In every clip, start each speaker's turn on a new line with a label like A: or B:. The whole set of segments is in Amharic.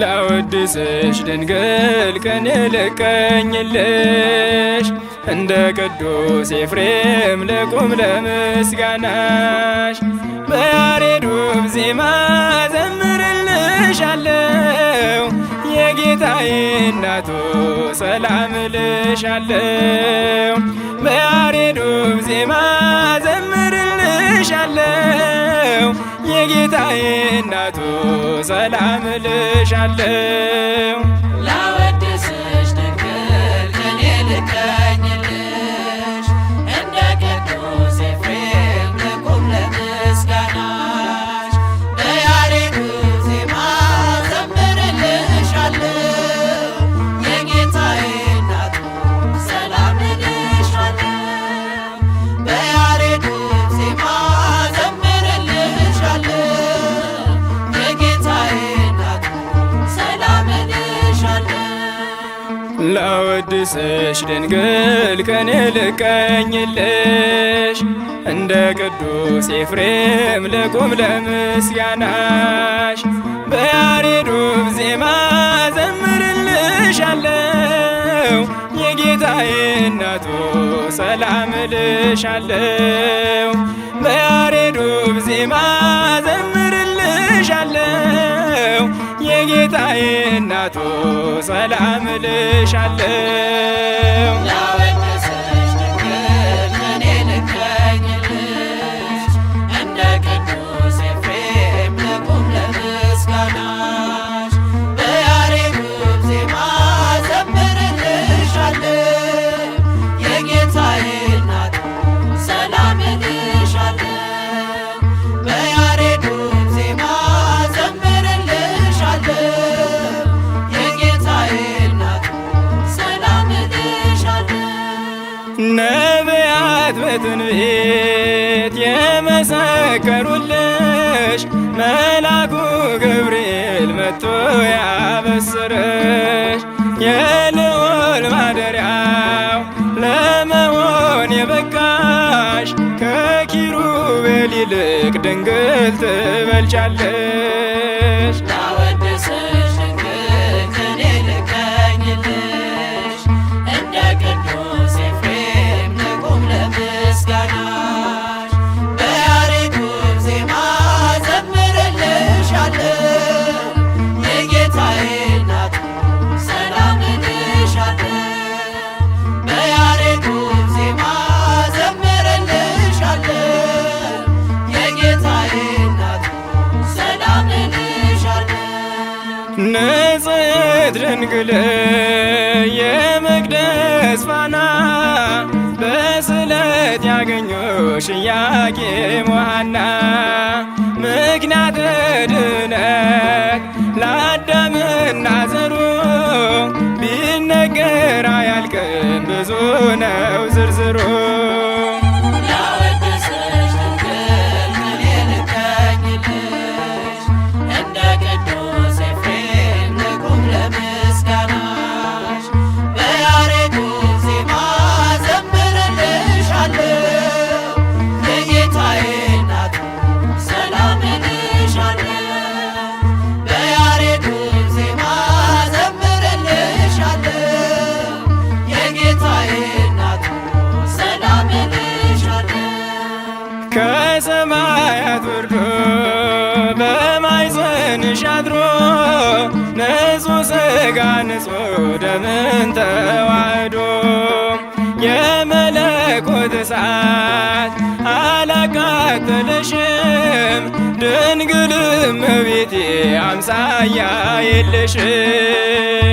A: ላወድስሽ ድንግል ቀኔ ልቀኝልሽ እንደ ቅዱስ ኤፍሬም ለቁም ለምስጋናሽ በያሬዱ ዜማ ዘምርልሻለው የጌታዬ እናቱ ሰላም ልሻለው በያሬዱ ዜማ ዘምርልሻለው ጌታዬ እናቱ ሰላም ልሻለው ላወድስሽ ድንግል ከኔ ልቀኝልሽ እንደ ቅዱስ ኤፍሬም ልቁም ለምስጋናሽ በያሬዱ ዜማ ዘምርልሻለው የጌታዬ እናቱ ሰላም ልሻለው በያሬዱ ዜማ ዘምር ጌታዬ እናቱ ሰላም ልሻለው
B: ነቢያት በትንቢት የመሰከሩልሽ መላኩ ገብርኤል መጥቶ ያበስርሽ የልዑል ማደሪያው ለመሆን የበቃሽ ከኪሩቤል ይልቅ ድንግል ትበልጫለሽ። ንጽሕት ድንግል የመቅደስ ፋና በስለት ያገኙሽ ኢያቄም ወሐና ምክንያት ድነት ለአዳምና ዘሩ ቢነገር አያልቅም ብዙ ነው ዝርዝሩ ሰማያት ወርዶ በማይዘንሽ አድሮ ንጹሕ ሥጋ ንጹሕ ደምን ተዋህዶ የመለኮት እሳት አላቃጠለሽም ድንግል እመቤቴ አምሳያ የለሽም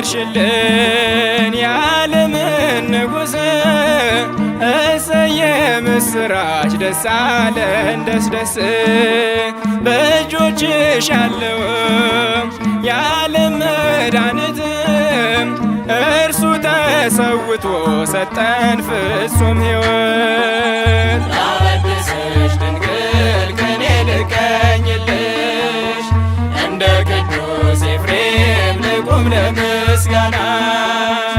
B: የወለድሽልን የዓለምን ንጉሥ እሰየ ምስራች ደስ አለን ደስ ደስ በእጆችሽ ያለው የዓለም መድኃኒት እርሱ ተሰውቶ ሰጠን ፍጹም
C: ሕይወት ላወድስሽ ድንግል ከኔ ልቀኝልሽ እንደ ቅዱስ ኤፍሬም ልቁም ለም ganas.